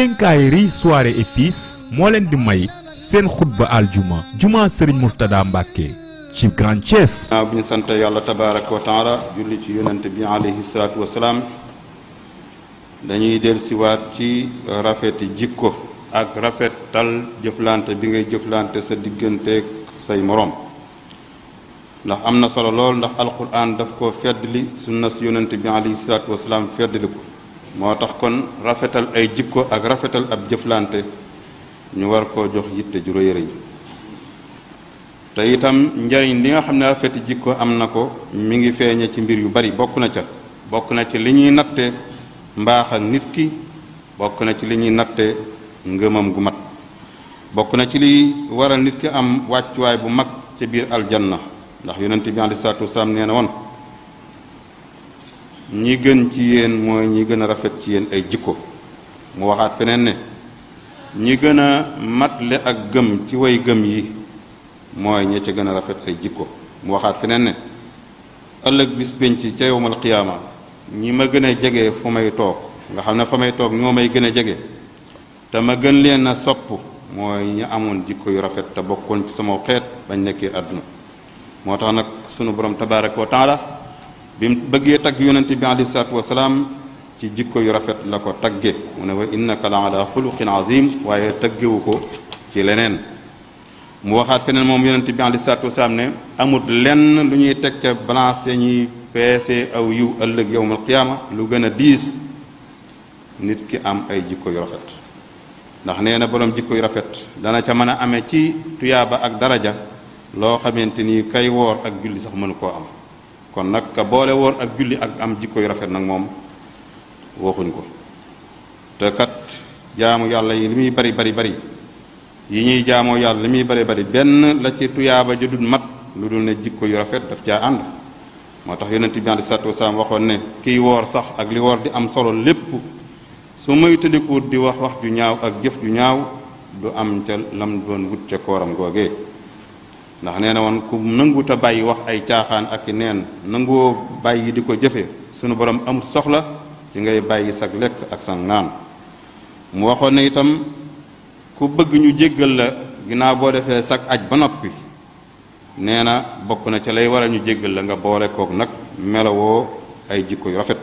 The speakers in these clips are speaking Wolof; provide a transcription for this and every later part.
dénkaay ri soirée et fils mo len di may sen khutba aljuma juma serigne Murtada mbake ci Grand Chess. ginnaaw bi ñu sant wa taala julli ci yonent bi alayhi salatu wa salaam dañuy del ci rafet jikko ak tal jëflante bi ngay jëflante sa digganteeg say morom ndax amna solo lol ndax alquran daf ko feddli sunna yonent bi alayhi salatu wa feddli ko moo tax kon rafetal ay jikko ak rafetal ab jëflante ñu war koo jox yitte ju rëy rëy te itam njariñ li nga xam ne rafeti jikko am na ko mu ngi feeñe ci mbir yu bari bokk na ca bokk na ci li ñuy natte mbaax nit ki bokk na ci li ñuy natte ngëmam gu mat bokk na ci li waral nit ki am wàccuwaay bu mag ca biir aljanna ndax yonent bi aleyhi salaatu wasalaam nee na woon ñi gën ci yéen mooy ñi gën a rafet ci yéen ay jikko mu waxaat feneen ne ñi gën a le ak gëm ci way gëm yi mooy ña ca gën a rafet ay jikko mu waxaat feneen ne ëllëg bis pénc ca yowmal qiyaama ñi ma gën a jege fu may toog nga xam ne fa may toog ñoo may gën a jege te ma gën leen a sopp mooy ñu amoon jikko yu rafet te bokkoon ci sama xeet bañ nekkee àdduna moo tax nag sunu borom tabaaraka wa taala bim beugé tag yonnati bi ali alayhi wa salam ci jikko yu rafet lako tagge mune wa innaka la ala khuluqin azim waaye taggewu ko ci lenen mu waxat fenen mom yonnati bi ali alayhi wa salam ne amut len lu ñuy teg ca balance ñi ñuy aw yu ëlëk yowmal qiyamah lu gëna a diis nit ki am ay jikko yu rafet ndax neena borom jikko yu rafet dana ca mëna amé ci tuyaba ak daraja lo xamanteni kay wor ak julli sax mënu ko am kon nak ka boole woon ak julli ak am jikkoy rafet nag moom waxuñ ko te kat jaamu yàlla yi li muy bari bari bari yi ñuy jaamoo yàlla li bari bari benn la ci tuyaaba ja dul mat lu dul ne jikko yu rafet daf caa ànd moo tax yonent bi alei salatu wasalaam waxoon ne kiy woor sax ak li woor di am solo lépp su may di wax wax ju ñaaw ak jëf ju ñaaw du am ca lam doon wut ca kooram googee ndax nee na woon ku nanguta bàyyi wax ay caaxaan ak i neen nanguwoo bàyyi di ko jëfe sunu borom amul soxla ci ngay bàyyi sag lekk ak sag naan mu waxoon na itam ku bëgg ñu jéggal la ginnaaw boo defee sag aj ba noppi nee na bokk na ca lay war ñu jéggal la nga boole kook nag melowoo ay jikko yu rafet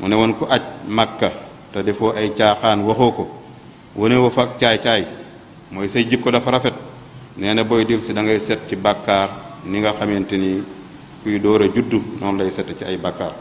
mu ne woon ku aj màkka te defoo ay caaxaan waxoo ko wane fa ak caay-caay mooy say jikko dafa rafet nee na booy dil si da ngay set ci bàkkaar ni nga xamante ni kuy door a juddu noonu lay set ci ay bàkkaar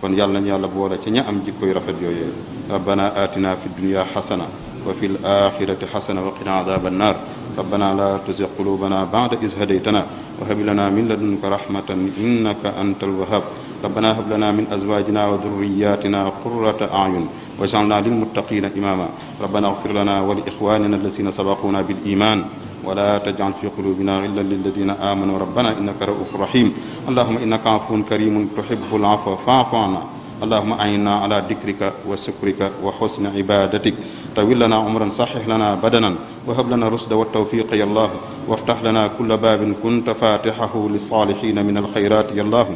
kon yàlla nañu yàlla boole ci ña am jikkoy rafet yooyee rabbana atina fi dunya xasana wa fi l axirati xasana wa qina adaba annar rabbana la tuzig qulubana bada is hadaytana wa hab lana min ladunka rahmatan innaka anta alwahab ربنا هب لنا من أزواجنا وذرياتنا قرة أعين واجعلنا للمتقين إماما ربنا اغفر لنا ولإخواننا الذين سبقونا بالإيمان ولا تجعل في قلوبنا غلا للذين آمنوا ربنا إنك رؤوف رحيم اللهم إنك عفو كريم تحب العفو فاعف عنا اللهم أعنا على ذكرك وشكرك وحسن عبادتك طول لنا عمرا صحح لنا بدنا وهب لنا رشد والتوفيق يا الله وافتح لنا كل باب كنت فاتحه للصالحين من الخيرات يا الله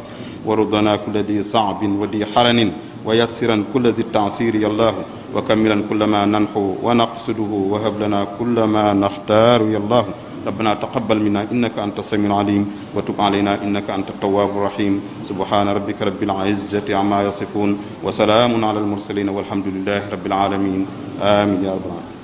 وردنا كل ذي صعب وذي حرن ويسرا كل ذي التعسير يا الله وكملا كل ما ننحو ونقصده وهب لنا كل ما نختار يا الله ربنا تقبل منا إنك أنت السميع العليم وتب علينا إنك أنت التواب الرحيم سبحان ربك رب العزة عما يصفون وسلام على المرسلين والحمد لله رب العالمين آمين يا رب العالمين